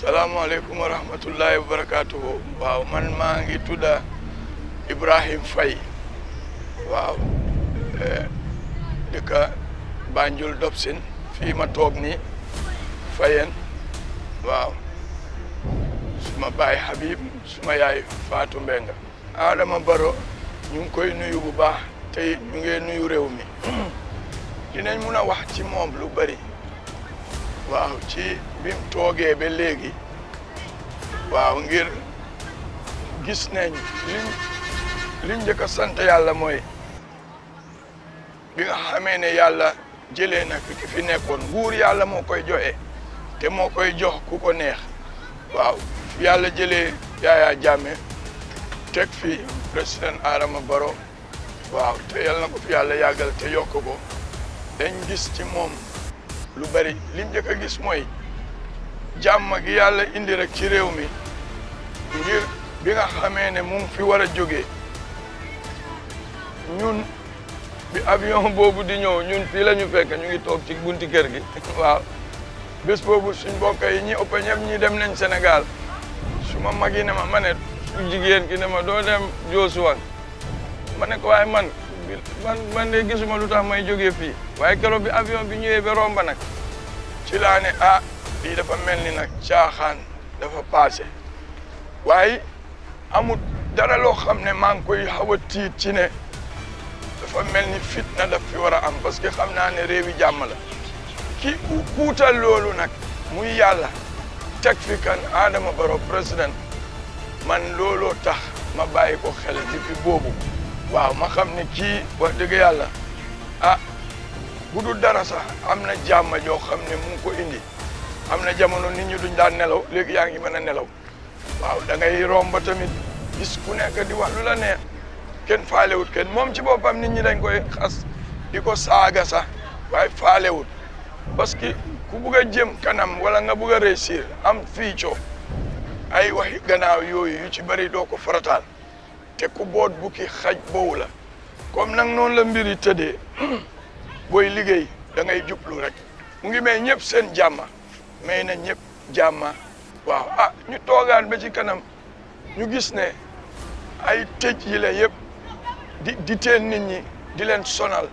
salaamaaleykum wa rahmatullahi wa barakaatuhu waaw man maa ngi tudda Ibrahim fay waaw eh, dëkk Banjul Dobsin fii ma toog nii Fayen waaw suma baay Habib suma yaay Fatou Mbenga Adama Baro ñu ngi koy nuyu bu baax tey ñu ngi nuyu réew mi dinañ mun a wax ci moom lu bari waaw ci bi toogee ba léegi waaw ngir gis nañ liñ liñ njëkk a sant yàlla mooy bi nga xamee ne yàlla jëlee na ki fi nekkoon nguur yàlla moo koy joxe te moo koy jox ku ko neex waaw yàlla jëlee Yaya Jammeh teg fi président Adama Barrow waaw te yàlla na fi yàlla yàggal te yokk ko dañ gis ci moom lu bari lim mu njëkk a gis mooy ma gi yàlla indi rek ci réew mi ngir bi nga xamee ne mu ngi fi war a jógee ñun bi avion boobu di ñëw ñun fii la ñu fekk ñu ngi toog ci bunti kër gi waaw bés boobu suñ mbokk yi ñi ëpp ñi dem nañ senegal su ma mag yi ne ma ma su jigéen ki ne ma doo dem Joosuwan ma ne ko waaye man bi man man de gisuma lu tax may jógee fii waaye keroog bi avion bi ñëwee ba romba nag ci laa ne ah dafa mel ni nag caaxaan dafa passé waaye amul dara loo xam ne maa ngi koy dafa mel ni fitna daf fi war a am parce que xam naa ne réewi jàmm la ki kuutal loolu nag muy yàlla teg fi kan Adama Barrow président man looloo tax ma bàyyi ko xel ci fi waaw ma xam ne kii wax dëgg yàlla ah bu dul dara sax am na joo xam ne mu ngi ko indi am na jamono nit ñi duñ daan nelaw léegi yaa ngi mën a nelaw waaw da ngay romb tamit gis ku nekk di wax lu la neex kenn faalewut kenn moom ci boppam nit ñi dañ koy xas di ko saaga sax waaye faalewut parce que ku bugg a jëm kanam wala nga bugg a réussir am fii coo ay waxi gannaaw yooyu yu ci bëri doo ko farataal te ku boot bukki xaj boobu la kom nan noonu la mbir yi tëddee booy liggéey da ngay jublu rek mu ngi may ñëpp seen jàmma may na ñëpp jàmma waaw ah ñu toogaat ba ci kanam ñu gis ne ay tëj yi la yëpp di di teel nit ñi di leen sonal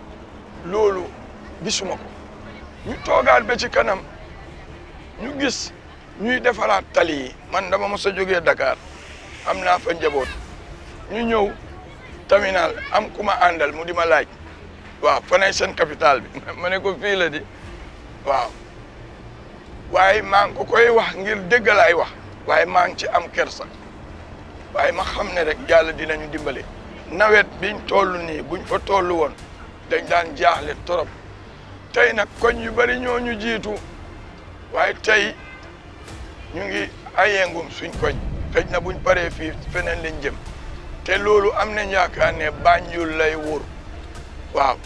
loolu gisuma ko ñu toogaat ba ci kanam ñu gis ñuy defaraat tali yi man dama mos a jógee Dakar am naa fa njaboot ñu ñëw terminal am ku ma àndal mu di ma laaj waaw fanay seen capital bi ma ne ko fii la di waaw waaye maa ngi ko koy wax ngir dégg laay wax waaye maa ngi ci am kersa waaye ma xam ne rek yàlla dinañu dimbale nawet biñ toll nii buñ fa toll woon dañ daan jaaxle torop tey nag koñ yu bari ñoo ñu jiitu waaye tey ñu ngi ayengum suñ koñ xëj na buñ paree fii feneen lañ jëm te loolu am nañ yaakaar ne Banjul lay wóor waaw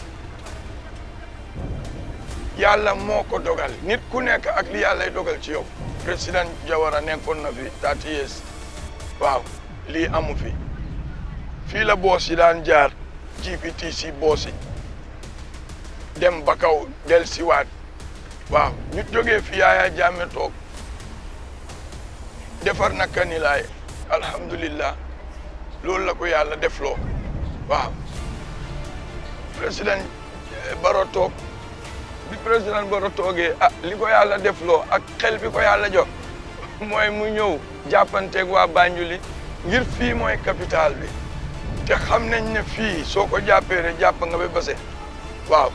yàlla moo ko dogal nit ku nekk ak li yàlla dogal ci yow président Jawara nekkoon na fi thirty years waaw lii amu fi fii la boos yi daan jaar GPTC boos yi dem ba kaw del siwaat waaw ñu jógee fi Yaya Jammeh toog defar na kanilaay alhamdulillah loolu la ko yàlla defloo waaw président eh, Baro bi président Baro toogee a ah, li ko yàlla defloo ak xel bi ko yàlla jox mooy mu ñëw jàppanteeg waa Banjuli ngir fii mooy capital bi te xam nañ ne fii soo ko jàppee rek jàpp nga ba base waaw.